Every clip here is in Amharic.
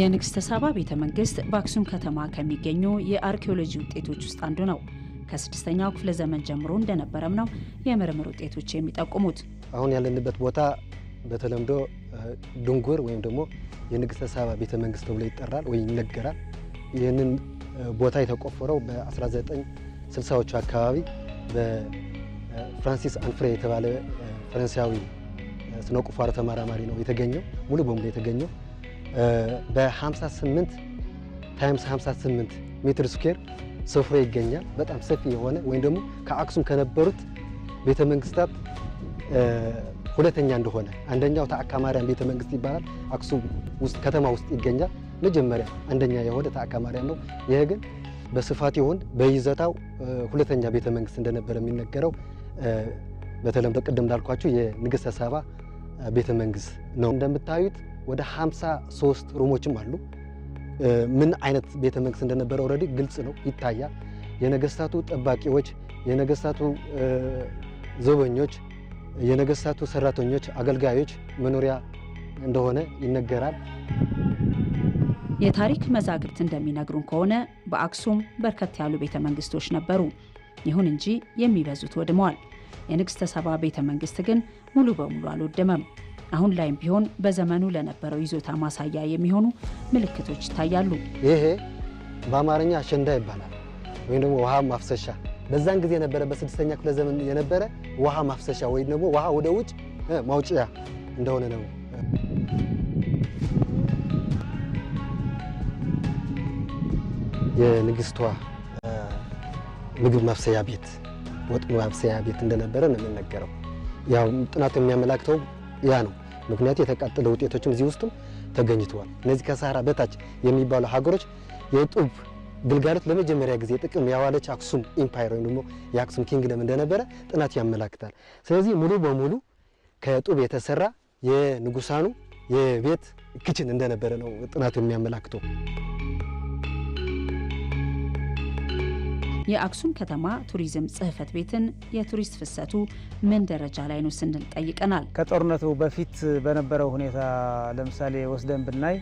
የንግሥተ ሳባ ቤተ መንግስት በአክሱም ከተማ ከሚገኙ የአርኪኦሎጂ ውጤቶች ውስጥ አንዱ ነው። ከስድስተኛው ክፍለ ዘመን ጀምሮ እንደነበረም ነው የምርምር ውጤቶች የሚጠቁሙት። አሁን ያለንበት ቦታ በተለምዶ ድንጉር ወይም ደግሞ የንግሥተ ሳባ ቤተ መንግስት ተብሎ ይጠራል ወይ ይነገራል። ይህንን ቦታ የተቆፈረው በ1960ዎቹ አካባቢ በፍራንሲስ አንፍሬ የተባለ ፈረንሳዊ ስነ ቁፋሮ ተመራማሪ ነው የተገኘው ሙሉ በሙሉ የተገኘው በ58 ታይምስ 58 ሜትር ስኩዌር ሰፍሮ ይገኛል። በጣም ሰፊ የሆነ ወይም ደግሞ ከአክሱም ከነበሩት ቤተ መንግስታት ሁለተኛ እንደሆነ አንደኛው ተአካ ማርያም ቤተ መንግስት ይባላል። አክሱም ውስጥ ከተማ ውስጥ ይገኛል። መጀመሪያ አንደኛ የሆነ ተአካ ማርያም ነው። ይህ ግን በስፋት ይሁን በይዘታው ሁለተኛ ቤተ መንግስት እንደነበረ የሚነገረው በተለምዶ ቅድም እንዳልኳችሁ የንግሥተ ሳባ ቤተ መንግስት ነው እንደምታዩት ወደ 53 ሩሞችም አሉ። ምን አይነት ቤተ መንግስት እንደነበረ ኦልሬዲ ግልጽ ነው፣ ይታያል። የነገስታቱ ጠባቂዎች፣ የነገስታቱ ዘበኞች፣ የነገስታቱ ሰራተኞች፣ አገልጋዮች መኖሪያ እንደሆነ ይነገራል። የታሪክ መዛግብት እንደሚነግሩን ከሆነ በአክሱም በርከት ያሉ ቤተ መንግስቶች ነበሩ። ይሁን እንጂ የሚበዙት ወድመዋል። የንግሥተ ሰባ ቤተ መንግስት ግን ሙሉ በሙሉ አልወደመም። አሁን ላይም ቢሆን በዘመኑ ለነበረው ይዞታ ማሳያ የሚሆኑ ምልክቶች ይታያሉ። ይሄ በአማርኛ አሸንዳ ይባላል፣ ወይም ደግሞ ውሃ ማፍሰሻ። በዛን ጊዜ የነበረ በስድስተኛ ክፍለ ዘመን የነበረ ውሃ ማፍሰሻ ወይም ደግሞ ውሃ ወደ ውጭ ማውጫያ እንደሆነ ነው። የንግስቷ ምግብ ማብሰያ ቤት፣ ወጥ ማብሰያ ቤት እንደነበረ ነው የምነገረው ያው ጥናቱ የሚያመላክተው ያ ነው ምክንያቱ። የተቃጠለ ውጤቶችም እዚህ ውስጥም ተገኝተዋል። እነዚህ ከሳህራ በታች የሚባሉ ሀገሮች የጡብ ግልጋሎት ለመጀመሪያ ጊዜ ጥቅም ያዋለች አክሱም ኢምፓየር ወይም ደግሞ የአክሱም ኪንግደም እንደነበረ ጥናት ያመላክታል። ስለዚህ ሙሉ በሙሉ ከጡብ የተሰራ የንጉሳኑ የቤት ክችን እንደነበረ ነው ጥናቱ የሚያመላክተው። የአክሱም ከተማ ቱሪዝም ጽህፈት ቤትን የቱሪስት ፍሰቱ ምን ደረጃ ላይ ነው ስንል ጠይቀናል። ከጦርነቱ በፊት በነበረው ሁኔታ ለምሳሌ ወስደን ብናይ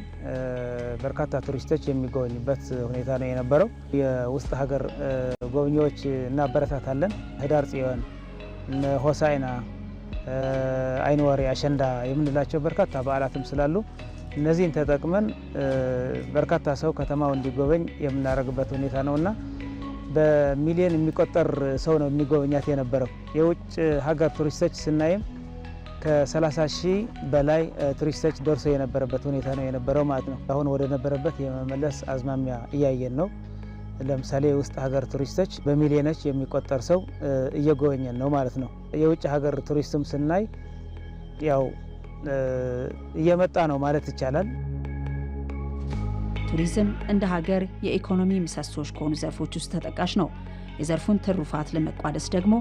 በርካታ ቱሪስቶች የሚጎበኙበት ሁኔታ ነው የነበረው። የውስጥ ሀገር ጎብኚዎች እናበረታታለን። ህዳር ጽዮን፣ ሆሳይና፣ አይንወሬ፣ አሸንዳ የምንላቸው በርካታ በዓላትም ስላሉ እነዚህን ተጠቅመን በርካታ ሰው ከተማው እንዲጎበኝ የምናደርግበት ሁኔታ ነውና በሚሊዮን የሚቆጠር ሰው ነው የሚጎበኛት የነበረው። የውጭ ሀገር ቱሪስቶች ስናይም ከ30 ሺህ በላይ ቱሪስቶች ደርሶ የነበረበት ሁኔታ ነው የነበረው ማለት ነው። አሁን ወደ ነበረበት የመመለስ አዝማሚያ እያየን ነው። ለምሳሌ የውስጥ ሀገር ቱሪስቶች በሚሊዮኖች የሚቆጠር ሰው እየጎበኘን ነው ማለት ነው። የውጭ ሀገር ቱሪስትም ስናይ ያው እየመጣ ነው ማለት ይቻላል። ቱሪዝም እንደ ሀገር የኢኮኖሚ ምሰሶች ከሆኑ ዘርፎች ውስጥ ተጠቃሽ ነው። የዘርፉን ትሩፋት ለመቋደስ ደግሞ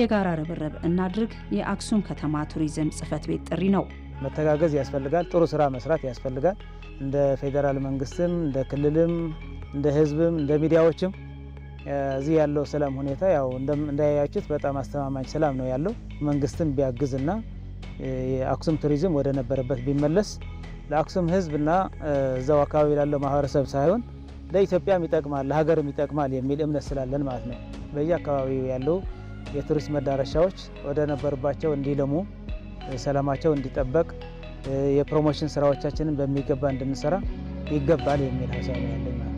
የጋራ ርብርብ እናድርግ የአክሱም ከተማ ቱሪዝም ጽህፈት ቤት ጥሪ ነው። መተጋገዝ ያስፈልጋል። ጥሩ ስራ መስራት ያስፈልጋል። እንደ ፌዴራል መንግስትም፣ እንደ ክልልም፣ እንደ ህዝብም፣ እንደ ሚዲያዎችም እዚህ ያለው ሰላም ሁኔታ ያው እንዳያችሁት በጣም አስተማማኝ ሰላም ነው ያለው። መንግስትም ቢያግዝና የአክሱም ቱሪዝም ወደ ነበረበት ቢመለስ ለአክሱም ህዝብና እዛው አካባቢ ላለው ማህበረሰብ ሳይሆን ለኢትዮጵያም ይጠቅማል ለሀገርም ይጠቅማል የሚል እምነት ስላለን ማለት ነው። በየአካባቢው ያሉ የቱሪስት መዳረሻዎች ወደ ነበሩባቸው እንዲለሙ፣ ሰላማቸው እንዲጠበቅ፣ የፕሮሞሽን ስራዎቻችንን በሚገባ እንድንሰራ ይገባል የሚል ሀሳብ ያለኝ